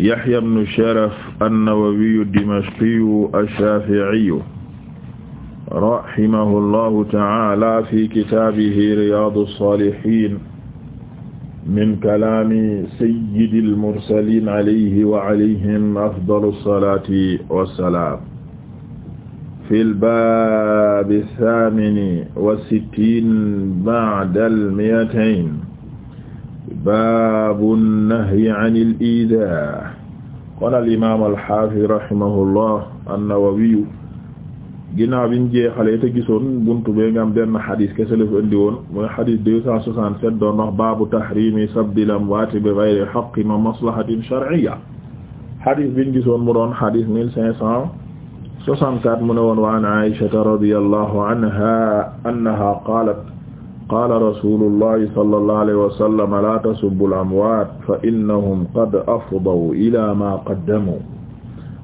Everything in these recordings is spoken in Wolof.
يحيى بن شرف النووي الدمشقي الشافعي رحمه الله تعالى في كتابه رياض الصالحين من كلام سيد المرسلين عليه وعليهم أفضل الصلاة والسلام في الباب الثامن والستين بعد المئتين باب النهي عن الإيذاء kon al imaam al xaafis rahimahullah an-Nawawi ginnaaw bi ñu jeexalee te gisoon buntu bee nga am benn xadis kese la fi indi woon mooy xadis deux cent soixante sept doon wax baabu tahrimi sabdil amwaati bi gayri xaqqin wa maslahatin shar'iyya xadis bi ñu gisoon mu doon xadis mille cinq cent soixante quatre mu ne woon wa an Aysata radiyallahu anha annaha qaalat qaala rasuulullahi sallallahu alayhi wa sallam laa tasubbu al-amwaat fa innahum qad afdaw ilaa maa qaddamu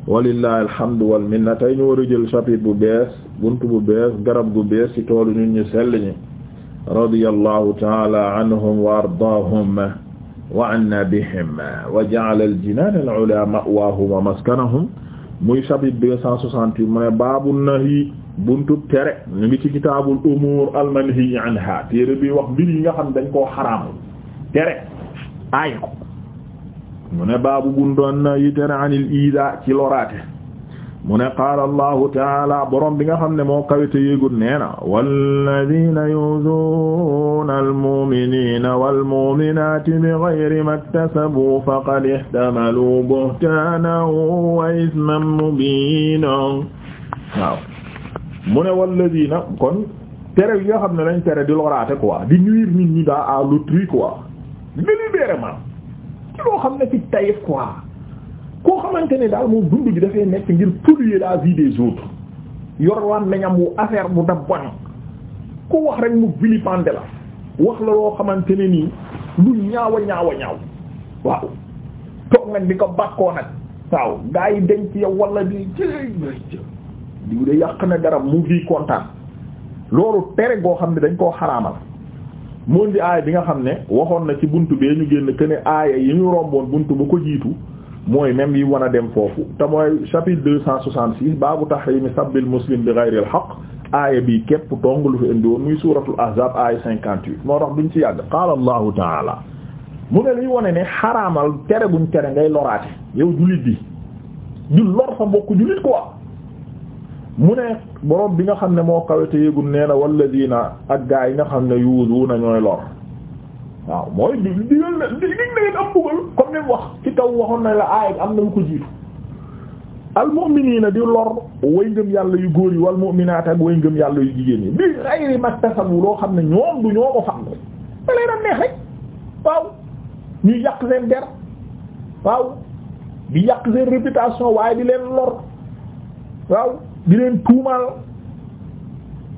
walillahi alhamdu wal minna tey ñu war a jël chapitre bu bees buntu bu bees garab gu bees ci toolu ñun ñu sell ñi radiyallahu ta'ala anhum wa ardaahum wa anna bihim wa ja'ala al-jinaan al-'ulaa ma'waahum wa maskanahum muy chapitre deux cent soixante-huit mu ne baabu nahyi buntub tere ñu ngi ci kitaabul umuur almanhi anha téere bi wax mbir yi nga xam dañ koo xaraamu tere aay ko mu ne baabu bundoon na yi tere anil ida ci loraate mu ne qaala allahu taala borom bi nga xam ne moo kawite yéegul nee na walladina yuzuuna almuminina walmuminaati bighayri maktasabu faqad ihtamalu buhtaanan wa isman mubiinan waaw mu ne walladina kon tere yi nga xam ne lañ tere di loraate quoi di nuire nit ñi daa à l'autrui quoi délibérément ci loo xam ne ci tayef quoi koo xamante ne daal moom dund gi dafay nekk ngir polluer la vie de autres yor waan nañam wu affaire bu da bon wax rek mu vilipender la wax la loo xamante ne nii lu ñaaw a ñaaw a ñaaw waaw toog nag di ko bàkkoo nag waaw gaa yi denc yow wala di ci diw de yàq na garab mu ngi kontaan loolu tere goo xam ne dañ koo xaraamal moo di aaya bi nga xam ne waxoon na ci bunt bee ñu génn que ne aaya yi ñu romboon bunt bu ko jiitu mooy même yi wan a dem foofu te mooy chapitre de cent soixante six baabu tahrimi sabbil muslim bi ghayril haqq aaya bi képp tong lu fi indi woon muy suuratul ahzab aaya cinquante huit moo tax duñ ci yàgg qaala allahu taala mu ne liy wane ne xaraamal tere buñ tere ngay loraate yow jullit bi du lor fa mbokk jullit quoi mu ne boroom bi nga xam ne moo kawete yëgul nee na walladina ak gaa yi nga xam ne yuudu na ñooy lor waaw mooy di digal na dig na leen wax ci kaw waxoon na la aaya am na ko jiitu almu'minina di lor way ngëm yàlla yu góor yi wal mu'minaat ak way ngëm yàlla yu jigéen yi bi xayri maktasabu loo xam ne ñoom du ñoo ko fàngu da lay ram neex rek waaw ñu yàq seen der waaw di yàq seen réputation waaye di leen lor waaw di leen tuumaal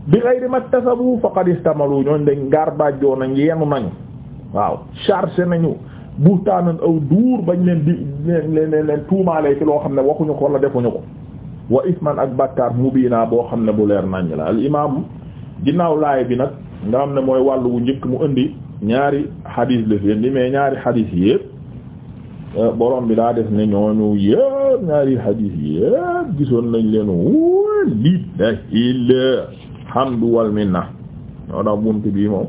bi ghayri maktasabu faqad istamalu ñooñ dañ ngaar bàjjoo nañ yenu nañu waaw chargé nañu buhtaanan aw duur bañ leen di leen leen leen tuumaalee ci loo xam ne waxuñu ko la defuñu ko wa isman ak bàkkaar mubiina boo xam ne bu leer nañ la al imaam ginnaaw laay bi nag nga xam ne mooy wàllu wu njëkk mu indi ñaari xadiis la fi indi mais ñaari xadiis yépp Euh, borom bi daa def ne ñooñu yëpp ñaari hadis yëpp gisoon nañ leen wóol li dahil hamdu wal minna ñoo tax buntu bii moom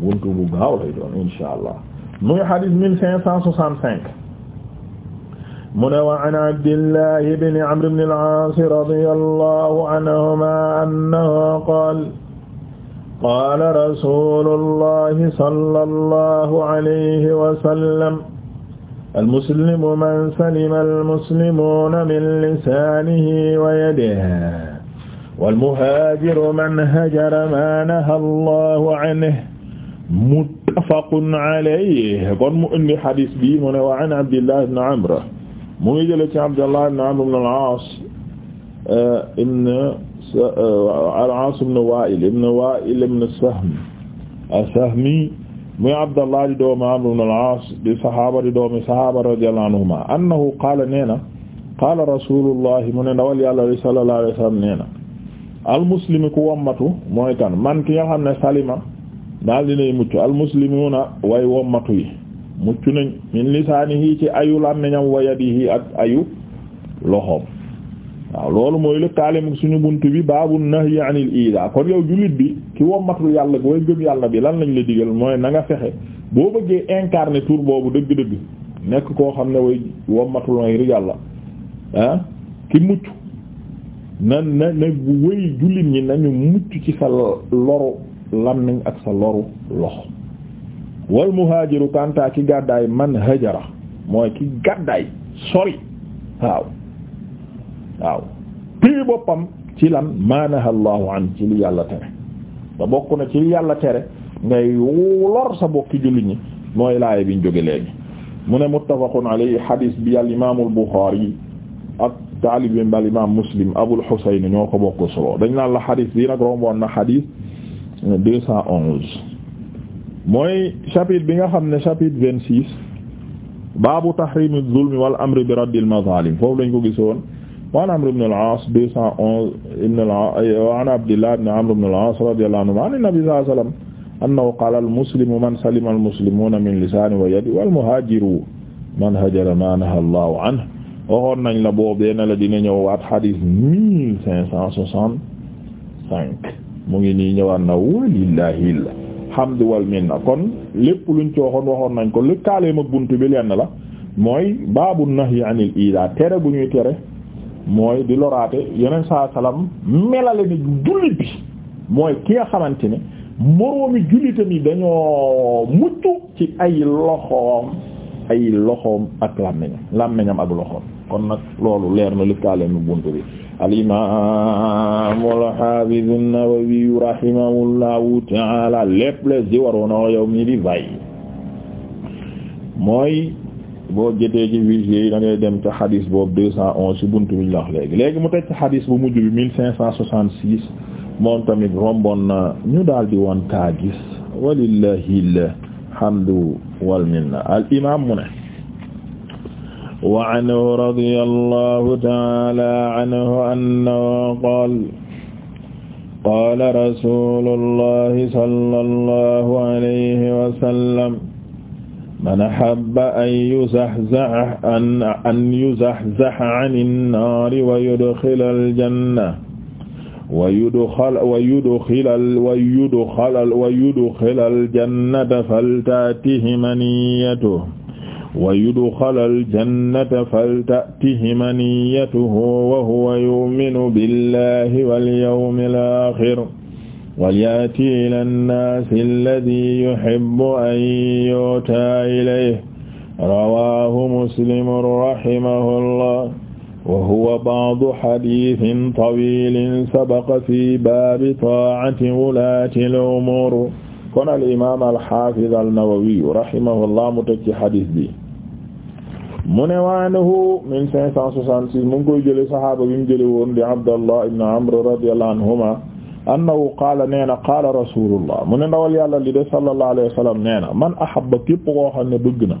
buntu bu gaaw lay doon insha allah muy hadis mille cinq cent soixante cinq mu ne wa an abdillahi ibn amr ibn al-aas radiyallahu anhuma annahu qaala qaala rasulullahi sallallahu alayhi wa sallam almuslimu man salima almuslimuuna min lisaanihi wa yadihi walmuhaajiru man hajara maa nahaa Allahu anhu muttafaqun alayhi kon mu indi xadis bi mu ne wa an Abdillah ibn Amr mu ngi jëlee ci Abdallah ibn Amr ibn al-Aas eh, ibn eh, al-Aas ibn Waa'il ibn Waa'il ibn Sahm as-Sahmi muy Abdallah di doomi Amr ibn al-As di sahaaba di doomi sahaaba radiyallahu anhuma annahu qaala nee na qaala rasulullahi mu ne ndawal yàlla li sallallahu alayhi wa sallam nee na almuslimi ku wommatu mooy kan man ki nga xam ne salima daal dinay mucc almuslimuna way wommatu yi mucc nañ min lisaanihi ci ayu làmmiñam wa yadihi ak ayu loxoom waaw loolu mooy lëkkaale mu suñu bunt bi baabu nahyi anil ida kon yow jullit bi ki wommatul yàlla way gëm yàlla bi lan lañ la digal mooy nanga fexe boo bëggee incarner tour boobu dëgg-dëgg nekk koo xam ne way wommatul ngir yàlla ah ki mucc na na na way jullit ñi nañu mucc ci sa loru nañ ak sa loru loxo wal muhaajiru kanta ki gàddaay man hajara mooy ki gàddaay sori waaw waaw téye boppam ci lan maanaha allahu an ci li yàlla tere bokk na ci yàlla tere ngay lor sa bokki jullit ñi mooy laay biñ jóge léegi mu ne muttafaqun alayhi hadis bi al imam al bukhari ak taalibim al imam muslim abul husayn ñoo ko dañ la hadis bi nag na hadis deux cent mooy chapitre bi nga xam ne chapitre vingt six baabu tahrimi zulmi wal amri bi raddil mazalim foofu lañ ko gisoon waan Amr ibn al-As deux cent onze ibn al-As waan Abdillah ibn Amr ibn al-As radiyallahu anhu an nabi sallallahu alayhi wa sallam annahu qaala al-muslimu man salima al-muslimuuna min lisaanihi wa yadihi wal-muhaajiru man hajara maa nahaa Allahu anhu waxoon nañ la boobee na la dina ñëwaat xadiis mille cinq cent soixante cinq mu ngi nii ñëwaat na walillahi alhamdu wal minna kon lépp luñ ci waxoon waxoon nañ ko lëkkaaleem ak bunt bi lenn la mooy baabu nahyi anil iidaa tere bu ñuy tere mooy di loraate yeneen saa salaam melale ni jullit bi mooy ki nga xamante ne moroomi jullitam yi dañoo mucc ci ay loxoom ay loxoom ak làmmiñam làmmiñam ak loxoom kon nag loolu leer na lëkkaale nu bunt bi al imaam al haafiz an-Nawawi rahimahullahu ta'ala waroona yow mi di bàyyi mooy boo jotee ci vigier yi da ngay dem ca xadis boobu deux cent onze ci buntu bi ñu wax léegi léegi mu teg ci xadis bu mujj bi mille cinq cent soixante six moom tamit romboon na ñu daal di woon kaa gis walillahil hamdu wal minna al imam mu ne wa anhu radiyallahu ta'ala anhu annahu qaala qaala rasulullahi sallallahu alayhi wa sallam man ahabba an yuzahzaha an an yuzahzaha an innaari wa yudxila aljanna wa yudxila wa yudxila wa yudxila wa yudxila aljannata falta'tihi maniyyatuhu wa yudxila aljannata falta'tihi maniyyatuhu wa huwa yu'minu billahi wal yawmil aaxir walyati ila nnaasi alladi yuhibbu an yu'taa ilayhi rawaahu muslimun rahimahullah wa huwa ba'du hadiisin tawiilin sabaqa fii baabi taa'ati wulaati al-umuur kon al-imaam al-haafiz an-Nawawi rahimahullah mu teg ci hadiis bi mu ne waanahu 1566 mu ngi koy jëlee saxaaba bi mu jëlee woon di Abdallah ibn Amr radiyallahu anhuma annahu qaala nee na qaala rasulullah mu ne ndawal yàlla li de sallallahu alayhi wa sallam nee na man ahabba képp koo xam ne bëgg na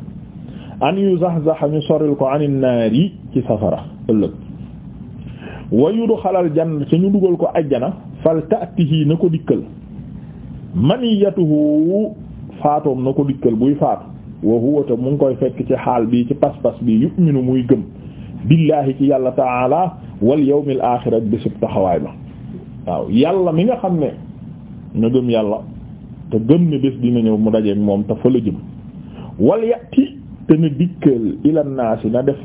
an yuzahzaha ñu soril ko an naar yi ci safara ëllëg wa yudxalal janna ci ñu dugal ko ajjana fal ta'tihi na ko dikkal maniyatuhu faatoom na ko dikkal buy faatu wa huwa ta mu ngi koy fekk ci xaal bi ci pas-pas bi yu'minu muy gëm billaahi ci yàlla ta'ala wal yawmil aaxir ak bésub taxawaay ba waaw yàlla mi nga xam ne na gëm yàlla te gëm ne bés dina ñëw mu dajeeg moom te fa la jëm wal yati te na dikkal ila naasi na def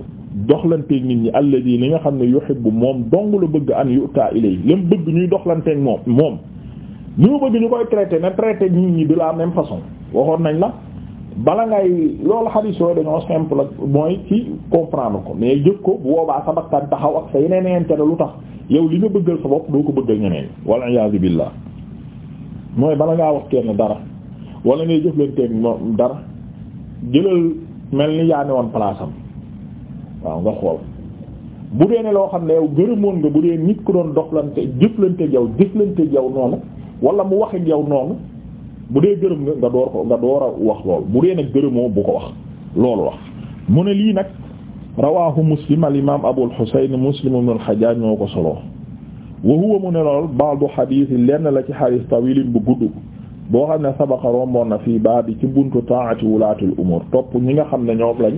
doxlanteeg nit ñi alladi li nga xam ne yuhibbu moom dongu la bëgg an yutaa ilay lam bëgg ñuy doxlanteeg moom moom ñu bëgg ñu koy traité na traité nit ñi de la même façon waxoon nañ la bala ngay loolu xadis yooyu dañoo simple mooy ci comprendre ko mais jëkk ko bu boobaa sa bakkan taxaw ak sa yeneen lu tax yow li nga bëggal sa bopp doo ko bëggal ñeneen walla iyaazu billaah mooy bala ngaa wax kenn dara wala ngay jëflanteeg moom dara jëlal mel ni yaa ne woon place waaw nga xool bu dee ne loo xam ne yow gërëmoon nga bu dee nit ku doon doxlante jëflanteeg yow jëflanteeg yow noonu wala mu wax ak yow noonu. bu dee gërëm nga nga door a wax lool bu dee nag gërëmoo bu ko wax loolu wax mu ne lii nag rawahu muslim al imam abul husayn muslim ibn al hajjaj moo ko soloo wa huwa mu ne lool ba'du hadith lenn la ci hadith tawilin bu gudd boo xam ne sabaqa romboon na fii baa bi ci buntu ta'ati wulaatul umur topp ñi nga xam ne ñoom lañ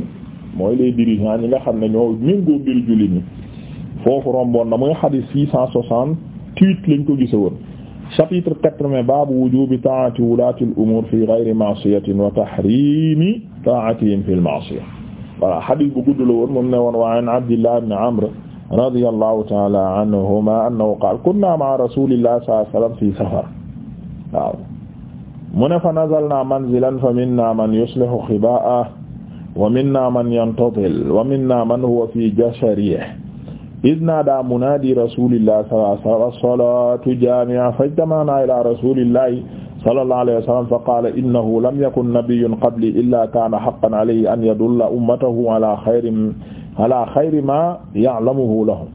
mooy les dirigeants ñi nga xam ne ñoo méngoo mbir julli ñi foofu romboon na muy hadith six lañ ko gise woon chapitre quatre-vingts baabu wujuubi taa'ati wulaati al-umuur fi ghayri ma'siyatin wa tahriimi taa'atihim fil ma'siya voilà hadith bu gudd la woon moom ne woon wa an Abdillah ibn Amr radiyallahu ta'ala anhuma annahu qaala kunna ma'a rasuulillahi sallallahu alayhi wa sallam fi safar waaw mu ne fa nazalna manzilan fa minna man yuslihu khibaa'ahu wa minna man yantadil wa minna man huwa fi jasharihi isnada munadi rasulillahi sallallahu alayhi wa sallam as-salatu jami'a fajtama'na ila rasulillahi sallallahu alayhi wa sallam fa qala innahu lam yakun nabiyyun qabli illa kana haqqan alayhi an yadulla ummatahu ala khayrin ala khayri ma ya'lamuhu lahum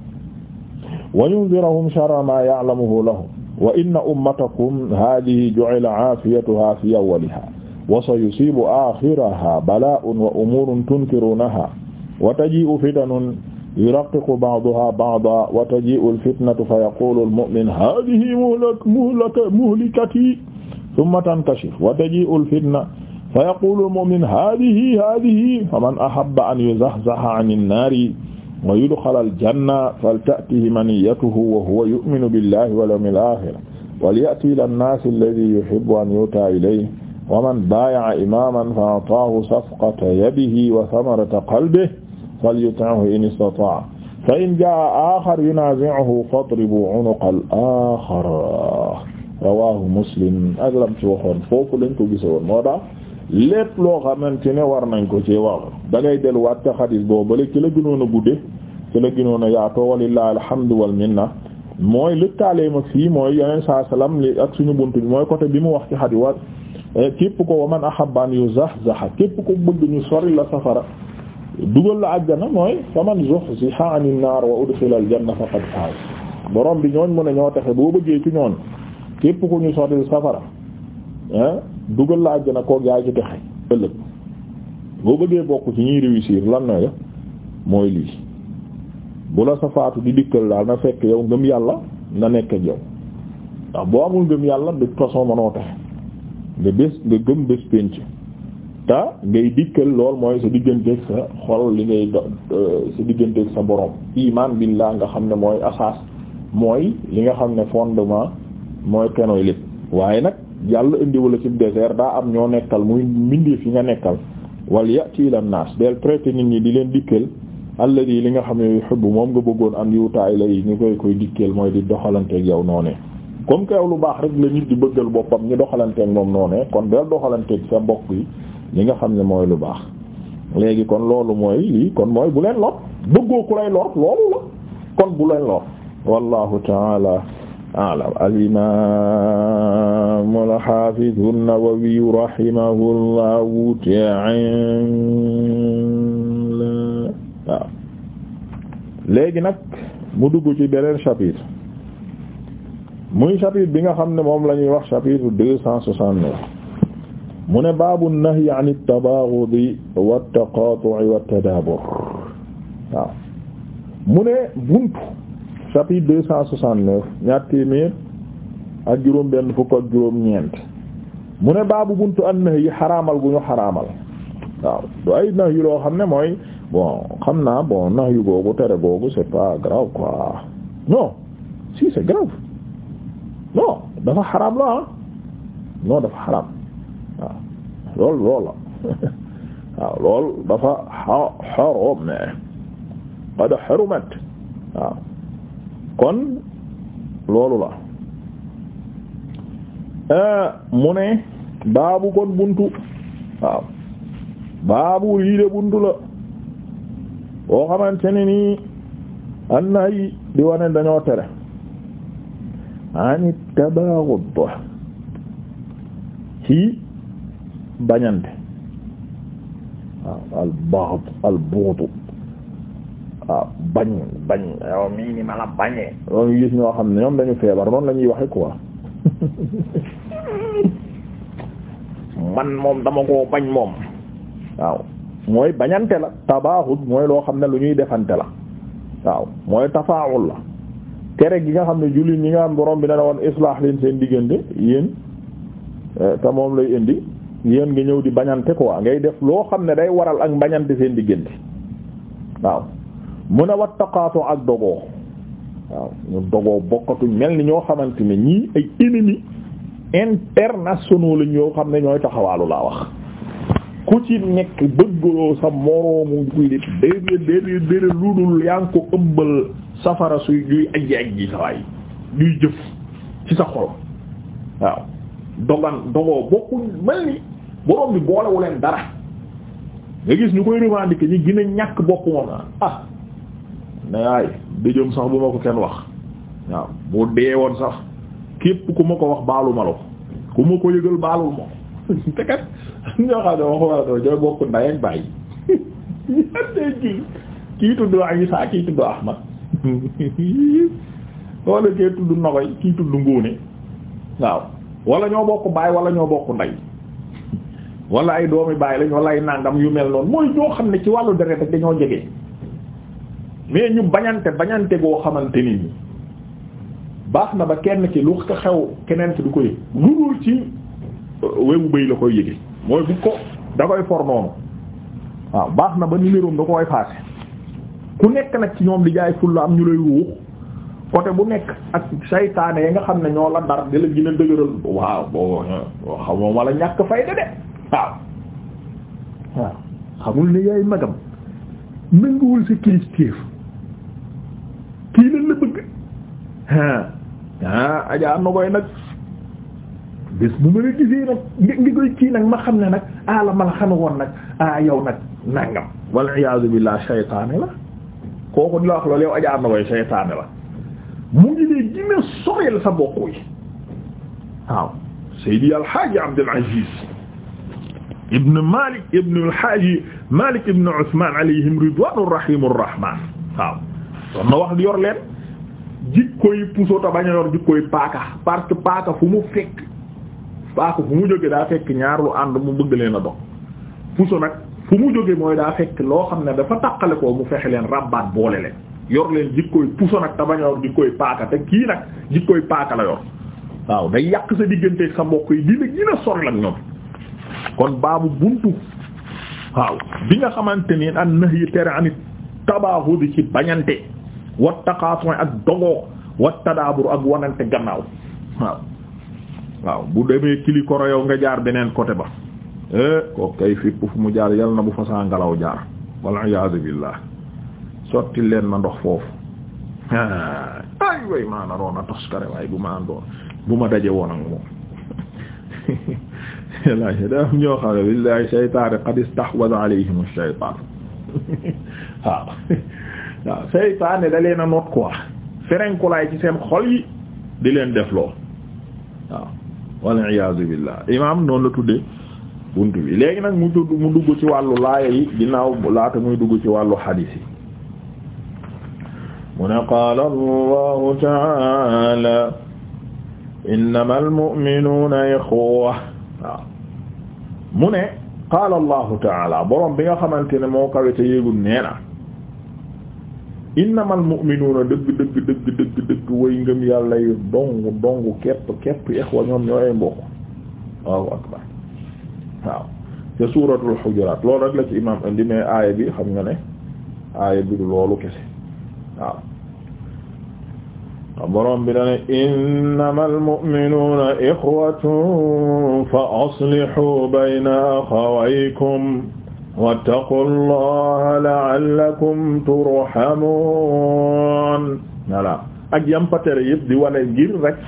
wa yunzirahum sharra ma ya'lamuhu lahum wa inna ummatakum hadhihi ju'ila 'afiyatuha fi awwaliha wa sayusibu akhiraha bala'un wa umurun tunkirunaha wa taji'u fitanun yuraqiqu ba'duha ba'dan wa taji'u al-fitnatu fa yaqulu al-mu'min hadhihi muhlak muhlaka muhlikati thumma tankashif wa taji'u al-fitnatu fa yaqulu al-mu'min hadhihi hadhihi faman ahabba an yuzahzaha 'ani an-nari wa yudkhala al-janna falta'tihi maniyyatuhu wa huwa yu'minu billahi wal yawmil akhir walyati ila nnaasi alladi yuhibbu an yutaa ilayhi wa man baaya'a imaaman fa a'taahu safqata yadihi wa thamarata qalbihi falyut'imhu in istata'a fa in jaa'a aaxar yunaazi'uhu fadribu 'unuqa al-aaxar rawaahu muslim ak lam ci waxoon foofu lañ ko gisoon moo tax lépp loo xamante ne war nañ ko ci wax da ngay delluwaat ca xadis boobu ba ci la gënoon a gudde ci la gënoon a yaatoo walillahi alhamdu wal minna mooy lëkkaaleem ak fii mooy yeneen saa salaam li ak suñu bunt bi mooy côté bi mu wax ci xadis wa eh, képp ko waman ahabban yuzahzaha képp ko bëgg ñu sori la safara dugal la àjjana mooy faman zuhziha 'anil naar wa udkhila al janna faqad faaz borom bi ñooñ mën ne ñoo taxe boo bëggee ci ñoon képp ku ñu sotti safara dugal la àjjana koog yaa ci taxe ëllëg boo bëggee bokk ci ñuy réussir lan na def mooy lii bu la safaatu di dikkal daal na fekk yow ngëm yàlla na nekk ak boo amul ngëm yàlla de toute façon mënoo taxe nga bés nga gëm bés pénc te ngay dikkal lool mooy sa digganteeg sa xol li ngay sa digganteeg sa borom iman billah nga xam ne mooy asaas mooy li nga xam ne fondement mooy kenoy lépp waaye nag yàlla indiwala ci désert daa am ñoo nekkal muy mbindeef yi nga nekkal wal yati ila nas del traité nit ñi di leen dikkal alladi li nga xam ne yu moom nga bëggoon am yiwtaay lay ñu koy koy dikkeel mooy di doxalanteeg yow noone comme que yow lu baax rek la nit di bëggal boppam ñu doxalanteeg moom noonee kon del doxalanteeg sa mbokk yi li nga xam ne mooy lu baax léegi kon loolu mooy lii kon mooy bu leen lor bëggoo ku lay lor loolu la kon bu leen lor wallahu taala a'lam al-imam al-hafiz an-Nawawi rahimahullahu ta'ala waaw léegi nag mu dugg ci beneen chapitre muy chapitre bi nga xam ne moom la ñuy wax chapitre deux cent mu ne baabu nahyi an at-tabaghudi wa at-taqatu'i tadaabur waaw mu ne buntu chapitre deux cent soixante ak juróom benn fukk ak juróom ñeent mu ne baabu buntu an nahyi xaraamal gu ñu xaraamal waaw du ay nahyu loo xam ne mooy bon xam naa bon nahyu googu tere googu c'est pas grave quoi non si c'est grave non dafa xaraam la ah non dafa xaraam lool lool la waaw lool dafa xarom ne qad xarumat kon loolu la euh, mu ne baabu kon buntu waaw baabu lii buntu la boo xamante ne nii anna yi di wane tere anit tabaghud ci bañante waaw al baxd al bughd waaw bañ bañ yow mii ma la bañee loolu gis ñoo xam ne ñoom dañu feebar noonu la ñuy waxe quoi man moom dama koo bañ moom waaw mooy bañante la tabaaxut mooy loo xam ne lu ñuy defante la waaw mooy tafaawul la tere gi nga xam ne jullit ñi nga xam borom bi na ne woon islaax leen seen diggante yéen eh, te moom lay indi yéen nga ñëw di bañante quoi ngay def loo xam ne day waral ak bañante seen diggante waaw mun a wat taqaatoo ak dogoo waaw ñu dogoo bokkatuñ mel ni ñoo xamante ne ñii ay ennemis internationaux lañ ñoo xam ne ñooy taxawaalu laa wax ku ci nekk bëggaloo sa moroomu kuy def déedéet déedéet déedéet lu dul yaa ngi ko ëmbal safara suy yuy ajji ajji sa waay yuy jëf ci sa xol waaw dogan dogoo bokkuñ mel ni borom bi boolewu dara nga gis ñu koy revendiquer ñi gën a ñàkk bopp moom ah ne waaye sax bu ma ko kenn wax waaw boo dee woon sax képp ku ma ko wax baalu ma la ko ku ma ko yëgal baalul ma ko te kat ñoo xam ne waxuma la doo ñooy bokk kii tudd Isa waaw wala ñoo bokk baay wala ñoo bokk ndey wala ay doomi baay lañ ay nàngam yu mel noonu mooy ñoo xam ne ci wàllu deret rek dañoo jege mais ñu bañante bañante goo xamante ni nii baax na ba kenn ci lu ko xew keneen ki du ko yëg lu dul ci euh, wewu bëy la koy yëge mooy bu ko da koy for noonu waaw baax na ba numéro da koy passé ku nekk nag ci ñoom di jaay fulla am ñu lay ruux côté bu nekk ak seytaane yi nga xam ne ñoo la dar di la gën a dëgëral waaw bo xamoo wala ñàkk fayda de waaw waaw xamul ne yaay magam nanguwul sa kilifteef kii lan la nag bés bu ngi koy kii nag ma xam ne nag ah, la ma la xame woon nag ah yow nag nangam wal iyaazu billaah saytaane la kooku di la wax loolu yow ajaa na koy saytaane la mu ngi dee gina soreel sa bokk yi waaw Seydi Alxaaji Abdul Aziz ibn Malik ibn Alxaaji Malik ibn Usmaan alayhim ridwaanu rahiimu rahmaan waaw wax di yor leen jikkoy puso ta bañ yor jikkoy paaka parce que paaka fu mu fekk paaka fu mu jóge daa fekk ñaar lu ànd mu bëgg leen a dox puso nag fu mu jóge mooy daa fekk loo xam ne dafa taqale ko mu fexe leen rabbaat boole leen yor leen jikkooy puso nag te bañ a yor jikkooy paaka te kii nag jikkooy paaka la yor waaw day yàq sa digganteeg sa mbokk yi dina gën a sori la ñoom kon baabu buntu waaw bi nga xamante ni an nax yi tere amit di ci bañante wat taqaatoy ak dogoo wat tadaabur ak wanante gannaaw waaw bu demee kili koro nga jaar beneen côté ba eh, ko kay fipp fu mu jaar yal na bu fasaa ngelaw jaar wal iyaazu billah sotti leen ma ndox foofu ay way maa naroon a toskare waaye bu ma andoon bu ma daje woon ak moom laaje da am ñoo xam ne billahi ferenkulaay ci seen xol yi di leen def loo waaw wal iyaazu billah imaam noonu la tuddee bunt bi léegi nag mu tudd mu dugg ci wàllu laaya yi ginnaaw laata muy dugg ci wàllu xadiis yi mu ne qaala allahu taala innama almuminuuna ixwa waaw mu ne qaala allahu taala borom bi nga xamante ne moo kawete yéegul nee na innama almuminuuna dëgg dëgg dëgg dëgg dëgg way ngëm yàlla yu dong dong képp képp ixwa ñoom ñooy mbokk allahu akbar waaw te suuratul xujuraat loolu rek la ci imaam indi mais aaya bi xam nga ne aaya bi du loolu kese waaw borom bi dane innamal mu'minuuna ixwatun fa aslihu bayna axawaykum wattaqullaha la'allakum turhamuun voilà ak yam patere yëpp di wane ngir rek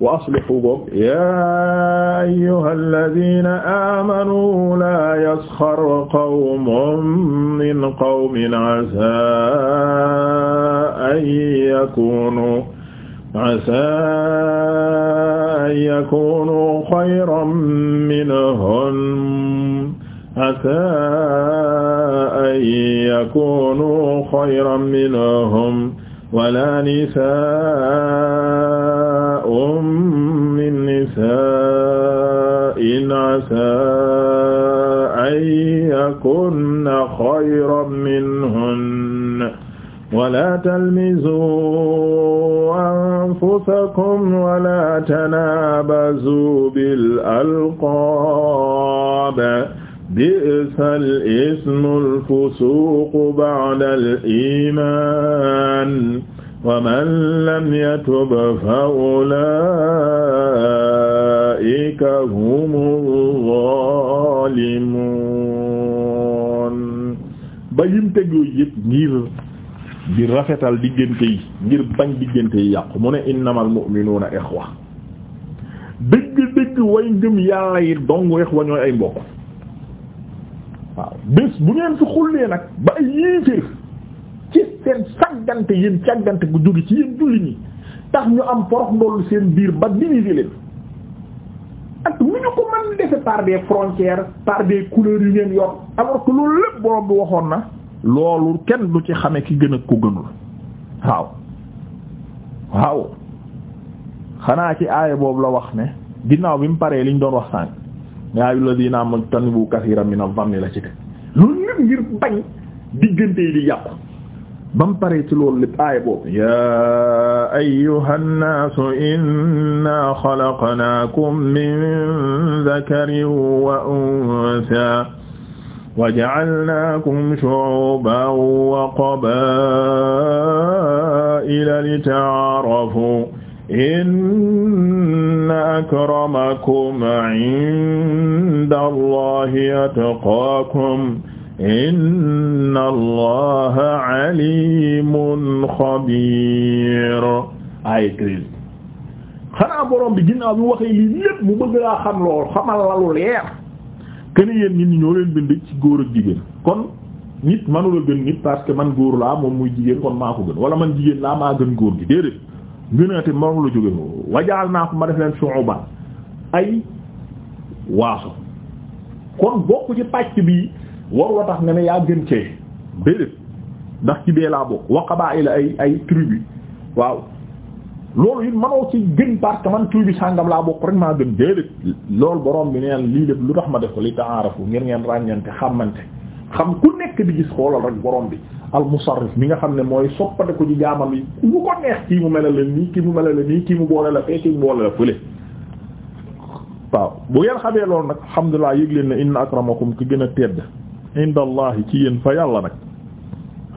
wa aslihu boog yaa ayyuhal laziina aamanuu laa yasxar qawmun min qawmin azaa an yakuunuu asaa an yakunu xayran minhum asaa an yakunu xayran minhum wala nisaa'un min nisaa'in asaa an yakunna xayran minhunna wala talmizu anfusakum wala tanabazu bil alqaab bi'sal ismul fusuuqu ba'dal iimaan wa man lam yatub fa ulaa'ika humu zaalimuun ba yim teg yooyu yëpp ngir di rafetal diggante yi ngir bañ diggante yi yàqu mu ne innamal mu'minuuna ixwa dëgg dëgg way ngëm yàlla yi dong ixwa ñooy ay mbokk waaw bés bu ngeen fi xullee nag ba ay yéeféer ci seen sàggante yéen càggante gu jóge ci yéen julli ñi tax ñu am porox ndollu seen biir ba diviser leen ak mu ñu ko mën defe par des frontières par yu ngeen yor alors que loolu lépp borom waxoon na loolu kenn lu ci xame ki gën a ku gënul waaw waaw xanaa ci aaya boobu la wax ne ginnaaw bi mu paree liñ doon wax sànq yaa yu la di naa moj tani bu kasiiram mi na vanni la ci te loolu lépp ngir bañ diggante yi di yàqu ba mu paree ci loolu lépp aaya boobu yaa ayyuhan naasu inna xalaqnaakum min dhakarin wa unthaa وجعلناكم شعوبا وقبائل لتعارفوا إن أكرمكم عند الله أتقاكم إن الله عليم خبير ay crise xanaa borom bi ginnaaw bi waxee lii lépp mu bëgg laa xam lool xamal la lu leer que ni yéen nit ñi ñoo leen bind ci góor ak jigéen kon nit manula gën nit parce que man góor laa moom muy jigéen kon maa ko gën wala man jigéen laa maa gën góor gi déedéet gënaate moroom la jóge ko wajaal naa ko ma def leen shu'uban ay waaso kon bokk ci pàcc bi waru la tax nga ne yaa gën cee déedéet ndax ci bee laa bokk wa qabaa'ila ay ay waaw loolu it manoo ci gën parce que man tuy bi sàngam laa bokk rek maa gën déedéet loolu borom bi neen lii lépp lu tax ma def ko li ta'aarafu ngir ngeen ràññante xamante xam ku nekk di gis xoolal rek borom bi al musarrif mi nga xam ne mooy soppate ko ci jaamam yi ku ko neex kii mu melal la nii kii mu melal la nii kii mu boole la fee kii mu boole la fële waaw bu ngeen xamee lool nag alhamdulilah yëg leen ne inna akramakum ki gën a tedd inda allah ci yéen fa yàlla nag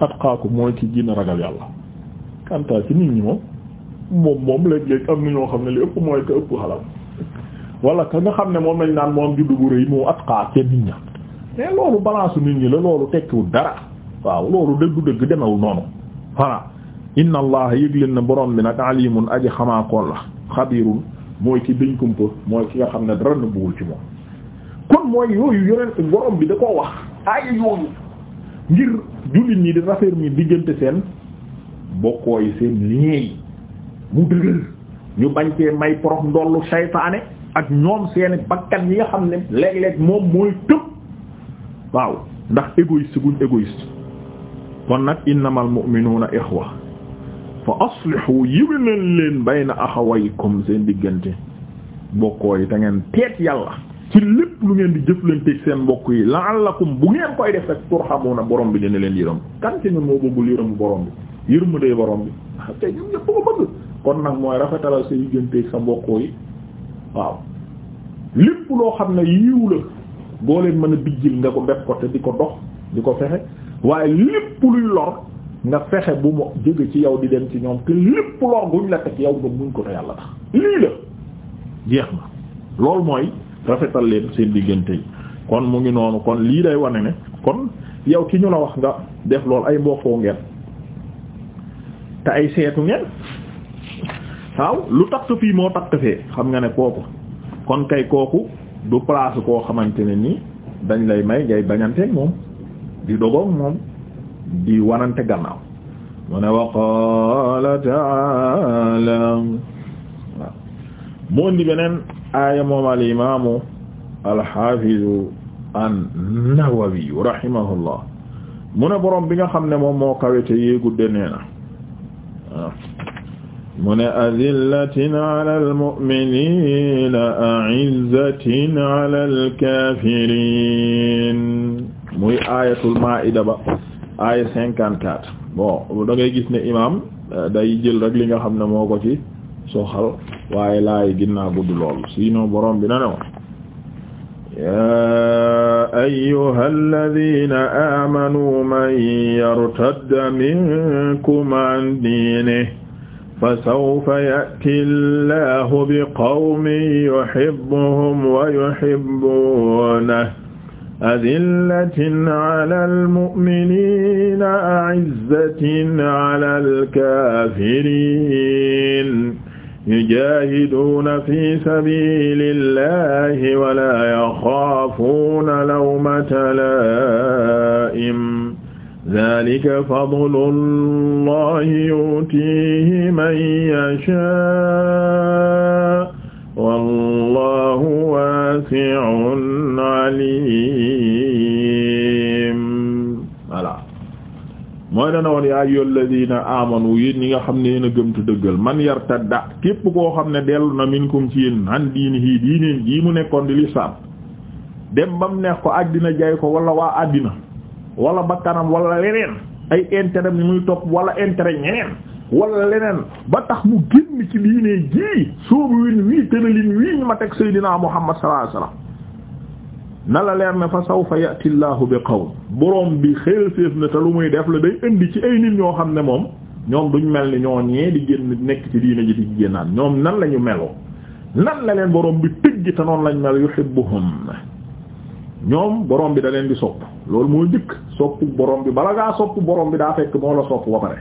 atqaakum mooy ki gën a ragal yàlla moom moom léeg-léeg am na ñoo xam ne li ëpp mooy ka ëpp xalaat wala ka nga xam ne moom lañ naan moom juddu bu rëy moo atqa ca nit ña mais loolu balance nit ñi la loolu tekkiwul dara waaw loolu dëggu dëgg demewul noonu voilà inna allah yëgleen na borom bi nag alimun aji xamaakoon la xabirun mooy ki biñ kumpa mooy ki nga xam ne dara nëbbuwul ci moom kon mooy yooyu yeneen borom bi da koo wax aaya yooyu ngir jullit ñi di raffermir diggante seen bokkooy seen mu dëgër ñu bañ kee may porox ndollu saytaane ak ñoom seeni bakkan yi nga xam ne léeg-léeg moom mooy tëb waaw ndax égoïste guñ égoïste kon nag innamal mu'minuuna ixwa fa aslihu yiwénal leen bayna axawaykum seen diggante mbokkoo yi te ngeen teet yàlla ci lépp lu ngeen di jëflanteeg seen mbokk yi la'allakum bu ngeen koy def rek na borom bi dina leen yërëm kan ci ñun moo bëggul yërëm borom bi yërëmadee borom bi ah te ñun ñëpp ko bëgg kon nag mooy rafetalal sa digganteeg sa mbokkoo yi waaw lépp loo xam ne yiw la boo leen mën a bijjil nga ko def ko te di ko dox di ko fexe waaye lépp luy lor nga fexe bu mu jóge ci yow di dem ci ñoom te lépp lor guñ la teg yow nga muñ ko te yàlla tax lii la jeex na loolu mooy rafetal leen seen diggante kon mu ngi noonu kon lii day wane ne kon yow ki ñu la wax nga def lool ay mbokkoo ngeen te ay seetu ngeen waaw lu takk fii moo takk fee xam nga ne kooku kon kay kooku du place koo xamante ne nii dañ lay may ngay bañanteeg moom di dogoog moom di wanante gannaaw mu ne wa qaala ta'ala waaw moo indi beneen aaya moom al imaamu alxafizu an-Nawawi rahimahullah mu ne borom bi nga xam ne moom moo kawete yéegudde nee na mu ne adillatin ala almuminina aizzatin ala alkafirin muy ayatul maida ba aya cinquante quatre bon da ngay gis ne imam euh, day jël rek li nga xam ne moo ko ci soxal waaye laay ginnaa gudd lool sinon borom bi na ne woon yaa ayyuha alladhina amanu man yartadda minkum an diinihi فسوف يأتي الله بقوم يحبهم ويحبونه أذلة على المؤمنين أعزة على الكافرين يجاهدون في سبيل الله ولا يخافون لومة لائم zaalika fadlullahi yu'tiihi man yashaa wallaahu waasi'un aliim voilà mooy dana woon yaa ayyuhal ladiina aamanu yéen ñi nga xam ne yéen a gëm te dëggal man yartadda képp koo xam ne dellu na minkum ci yéen an diinihi diineen jii mu nekkoon di lislaam dem ba mu neex ko àddina jay ko wala waa àddina wala bakkanam wala leneen ay intérêt ni muy topp wala intérêt ñeneen wala leneen ba tax mu génn ci diine ji soobu win wii tëralin wii ñu ma teg Seydina Muhammad sallallahu alayhi wasallam na la leer na fa sawfa yati llahu bi qawm boroom bi xëel séef na te lu muy def la day indi ci ay nit ñoo xam ne moom ñoom duñ mel ni ñoo ñee di génn nekk ci diina ji di génnaan ñoom nan la ñu meloo nan la leen boroom bi tëgg te noonu lañ mel yuhibbuhum ñoom borom bi da leen di sopp loolu moo njëkk sopp borom bi bala ngaa sopp borom bi daa fekk moo la sopp ba pare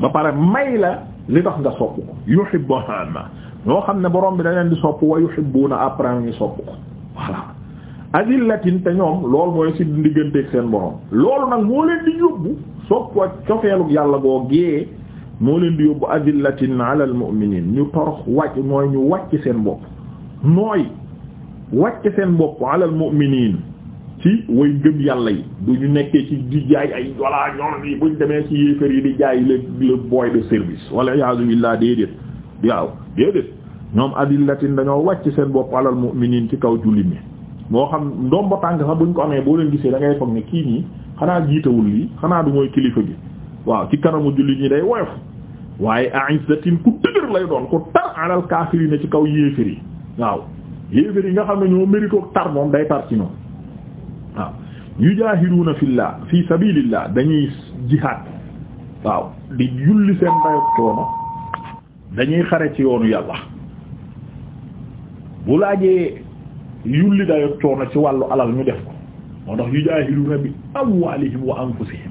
ba pare may la li tax nga sopp ko yuhibbuhuma xam ne borom bi daleen di sopp wa yuhibbuna après ñu sopp ko voilà azillatin te ñoom loolu mooy ci digganteeg seen borom loolu nag moo leen di yóbbu sopp wa cofeelug yàlla goo gee moo leen di yóbbu azillatin ala al mu'minin ñu torox wàcc mooy ñu wàcc seen bopp nooy wàcc seen bopp alal mu'miniin ci way gëm yàlla yi du ñu nekkee ci di jaay ay walla ñoom yi buñ demee ci yéefar yi di jaay le le boy de service walla iyaazu billaah déedéet waaw déedéet ñoom adillatin dañoo wàcc seen bopp alal mu'miniin ci kaw jullit ñi moo xam ndoom ba tànk sax buñ ko amee boo leen gisee da ngay foog ne kii nii xanaa jiitawul lii xanaa du mooy kilifa gi waaw ci kanamu jullit ñi day woyof waaye a'izzatin ku dëgër lay doon ku ci kaw yéefar waaw yéefér yi nga xam ne ñoo méritoog tar moom day tar ci ñoom waaw yujaahiduna fillah fi sabilillah dañuy jihaad waaw di julli seen dayot coono dañuy xare ci yoonu yàlla bu laajee yulli dayot coono ci wàllu alal ñu def ko moo tax yujaahiduna bi amwaalihim wa anfusihim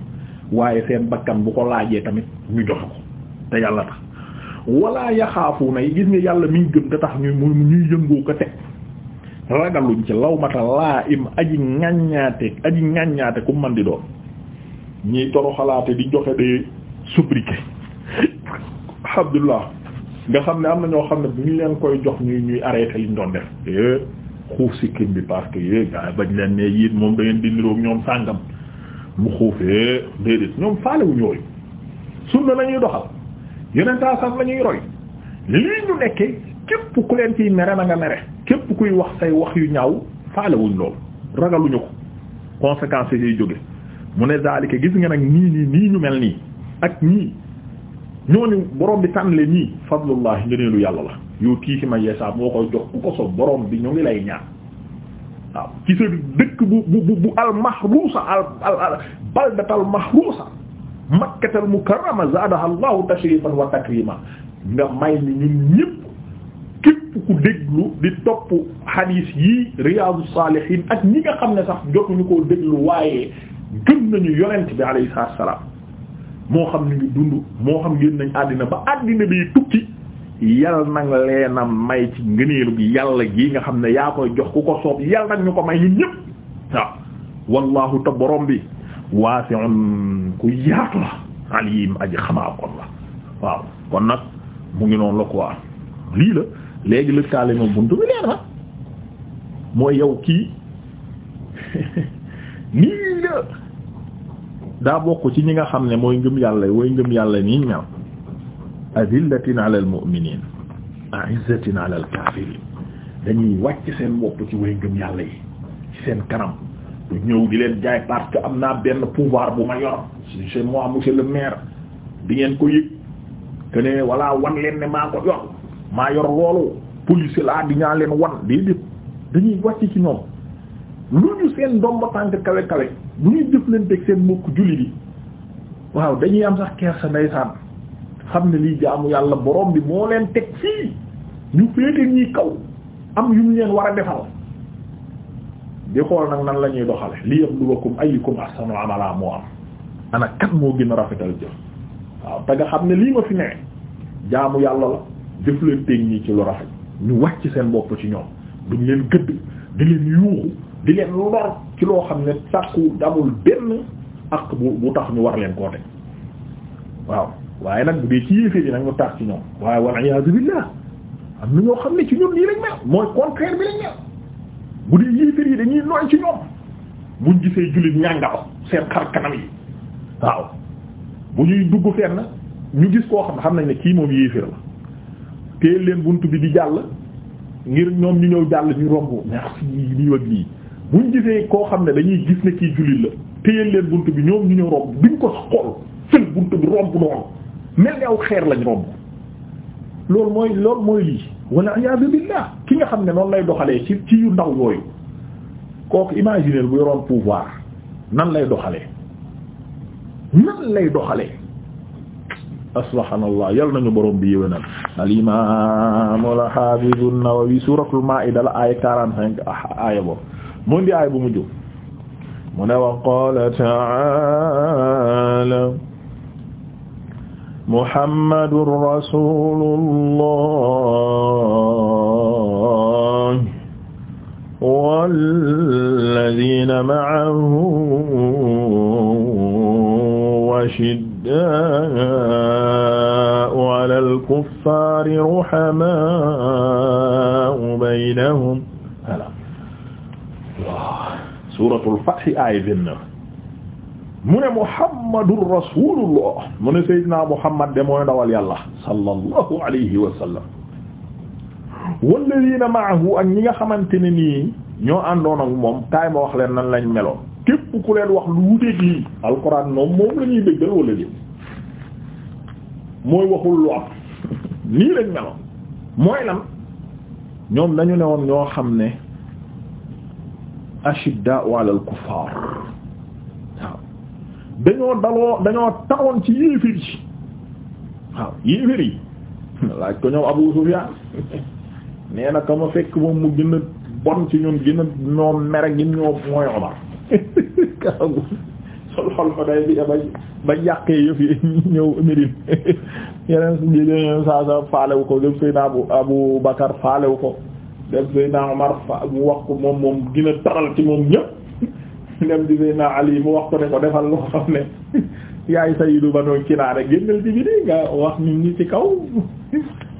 waaye seen bakkan bu ko laajee tamit ñu joxe ko te yàlla tax wala yaxaafu na yi gis nga yàlla miñ gëm te tax ñu ñuy yëngoo ko teg ragaluñ ci law mata laa im aji ŋaññaate aji ŋaññaate ku man di doon ñiy toro xalaate di joxe de sobriquet alhamdulillah nga xam ne am na ñoo xam ne bu ñu leen koy jox ñuy ñuy arrêté liñ doon def eh, xuuf si kim bi parce que eh, gaa bañ leen ne yit moom da ngeen di niroog ñoom sàngam mu xuufee eh, déedéet ñoom faalewuñ yooyu sunna la ñuy doxal yeneen taasam la ñuy roy lii nekkee képp ku leen ciy mere na nga mere képp kuy wax say wax yu ñaaw faalewuñ lool ragaluñu ko conséquence yi jóge mu ne zaalika gis nga nag nii nii nii ñu mel nii ak ñii ñooñu borom bi tànn leen ñii fadlullah ngëneelu yàlla la yow kii ci ma yeesaa moo koy jox ku ko so borom bi ñu ngi lay ñaan waaw ci sa dëkk bu bu bu al mahrusa al al baldat al mahrusa makkatal mukarrama zaadaha allahu tashrifan wa takrima nga may ni ñun ñëpp ku déglu di topp xadiis yi Riyaadu Saalihiin ak ñi nga xam ne sax jotuñu koo déglu waaye gëm nañu yonent bi alayhi salaam moo xam ni ngi dund moo xam génn nañ àddina ba àddina bi tukki yal nag leena may ci ngëneelu gi yàlla gi nga xam ne yaa koy jox ku ko soob yal nag ñu ko may ñun ñëpp waaw wallahu te borom bi waasi'un ku yaatu la alim aji xamaa kon la waaw kon nag mu ngi noonu la quoi lii la léegi lëkkaale moom buntu bi leer mooy yow kii nii la daa bokk ci ñi nga xam ne mooy ngëm yàlla woy ngëm yàlla nii ñaw adillatin ala al mu'minin a'izzatin ala al kafirin dañuy wàcc seen bopp ci way ngëm yàlla yi ci seen kanam du ñëw di leen jaay parce que am naa benn pouvoir bu ma yor c'est moi monsieur le maire di ngeen ko yëg que ne voilà wan leen ne maa ko yor maa yor loolu police laa di ñaa leen wan déedéet dañuy wàcc ci ñoom lu ñu seen ndomba tànk kawe kawe bu ñuy jëflanteeg seen mbokk julli bi waaw dañuy am sax kersa ndeysaan xam ne lii jaamu yàlla borom bi moo leen teg fii ñu féete ñi kaw am yu ñu leen war a defal di xool nag nan la ñuy doxale li yabluwakum ayyukum ahsanu amala moo am ana kat moo gën a rafetal jëf waaw te nga xam ne lii ma fi newee jaamu yàlla la leen jëflanteeg ñi ci lu rafet ñu wàcc seen bopp ci ñoom duñ leen gëdd di leen yuuxu di leen lor ci loo xam ne sàkku damul benn ak bu bu tax ñu war leen koo waaw waaye nag bu dee ci yéeféer yi nag ñu tax ci ñoom waaye wal iyaazu billaah am na ñoo xam ne ci ñun lii lañ mel mooy contraire bi lañ mel bu dee yéeféer yi dañuy nooy ci ñoom buñ gisee jullit ñànga ko seen xar kanam yi waaw bu ñuy dugg fenn ñu gis koo xam ne xam nañ ne kii moom yéeféer la téye leen bunt bi di jàll ngir ñoom ñu ñëw jàll ñu romb merci lii wag lii buñ gisee koo xam ne dañuy gis ne kii jullit la téye leen bunt bi ñoom ñu ñëw romb duñ ko xool fël bunt bi romb noonu mel ni aw xeer lañ romb loolu mooy loolu mooy lii wala iyaadu ki nga xam ne noonu lay doxalee ci ci yu ndaw yooyu kooku imaginer bu yoroon pouvoir nan lay doxalee nan lay doxalee aslahanallah yal nañu borom bi yéwénal al imam al hafiz an-Nawawi suratul maida la aya quarante-cinq ah, aya boobu mu ndi aya bu mujj mu ne wa qala ta'ala muhammadur rasulullah walladhina ma'ahu wa shidd ashiddaa'u 'ala al-kuffaari ruhamaa'u baynahum voilà waaw suuratul Fath aaya vingt-neuf mu ne Muhammadur Rasulullah mu ne Seydina Muhammad de mooy ndawal Yàlla sallallahu alayhi wa sallam walladiina ma'ahu ak ñi nga xamante ne nii ñoo àndoon ak moom kaay ma wax leen nan lañ meloon képp ku leen wax lu wuteeg lii alxuraan moom moom la ñuy déggal wala déet mooy waxul lu am nii lañ meloon mooy lan ñoom dañu ne woon ñoo xam ne ashiddaa'u alal kuffaar waaw dañoo daloo dañoo taxoon ci yéefir yi waaw yéefir yi laaj ko ñoom Abu Sufyaan nee na ka ma fekk moom mu gën a bon ci ñun gën a ñoo mere gi ñoo mooy Omar karagu sol xol xoday bi ba ba yàqee yëf yi ñëw Médine yeneen su jigéen saa saa faalewu ko dem Seydina Abu Abu Bakar faalewu ko dem Seydina Omar fa mu wax ko moom moom gën a taral ci moom ñëpp dem di Seydina Ali mu wax ko ne ko defal loo xam ne yaay sayyidu Banu Kinaana génnal ci biir nga wax nit ñi ci kaw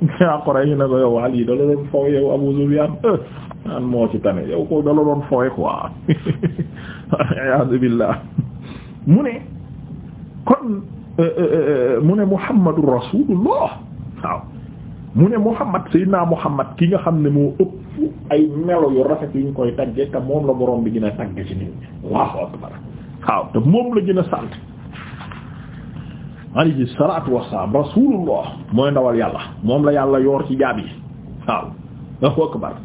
nga Quraysh na ko yow Ali da la doon faw yow Abu Sufyaan naan ah, moo ci tane yow ko dala doon fooy quoi a'uuzu billah mu ne kon euh, euh, euh, mu ne Muhammadu Rasulullah waaw mu ne Muhammad Seydina Muhammad ki nga xam ne moo ëpp ay melo yu rafet yu ñu koy tagge te moom la borom bi gën a tagge ci nit ñi Allahu akbar waaw te moom la gën a sant alayhi salaatu wassalaam Rasulullah mooy ndawal yàlla moom la yàlla yoor ci jaab yi waaw Allahu akbar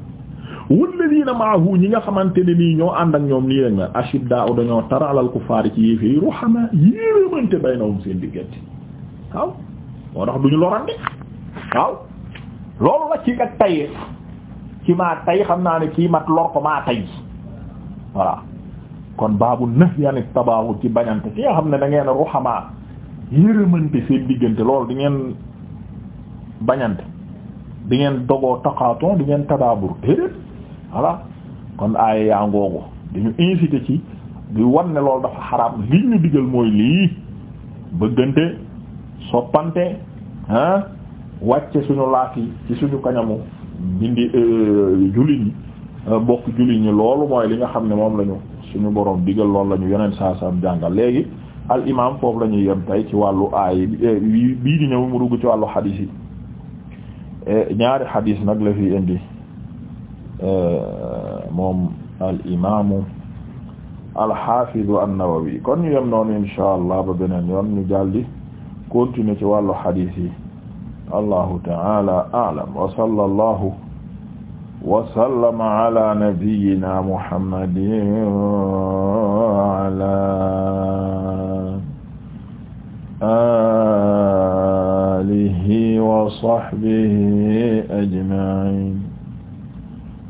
walladiina ma'ahu ñi nga xamante ne nii ñoo ànd ak ñoom nii lañ mel ashiddaa'u dañoo tara alal kuffaar ci yéefe yi ruhamaa yéeramante baynahum seen diggante waaw moo tax duñu lorante waaw loolu la ci ak tay ci maa tay xam naa ne kii mat lor ko maa tay voilà kon baabu nahyi an tabaawu ci bañante ki nga xam ne da ngeen ruhamaa yéeramante seen diggante lool di ngeen bañante di ngeen dogoo taqaaton di ngeen tadaabur déedéet voilà kon aaya yaa ngoogu dañu incité ci di wan ne loolu dafa xaraam li ñu digal mooy lii bëggante soppante ah wàcce suñu laaf ci suñu kañamu bindi euh, jullit ñi euh, bokk jullit ñi loolu mooy li nga xam ne moom lañu suñu borom digal loolu la ñu yeneen saa saam jàngal léegi al imam foofu la ñuy yem tey ci wàllu aay euh, bii di ñëw mu dugg ci wàllu xadiis yi ñaari xadiis nag la fi indi Euh, moom al imaamu al xaafizu an-Nawawi kon ñu yem noonu insha allah ba beneen yoon ñu daldi continuer ci wàllu xadiis yi allahu ta'ala a'lam wa sallallahu wa sallama ala nabiyyina muhammadin wa ala alihi wa sahbihi ajma'in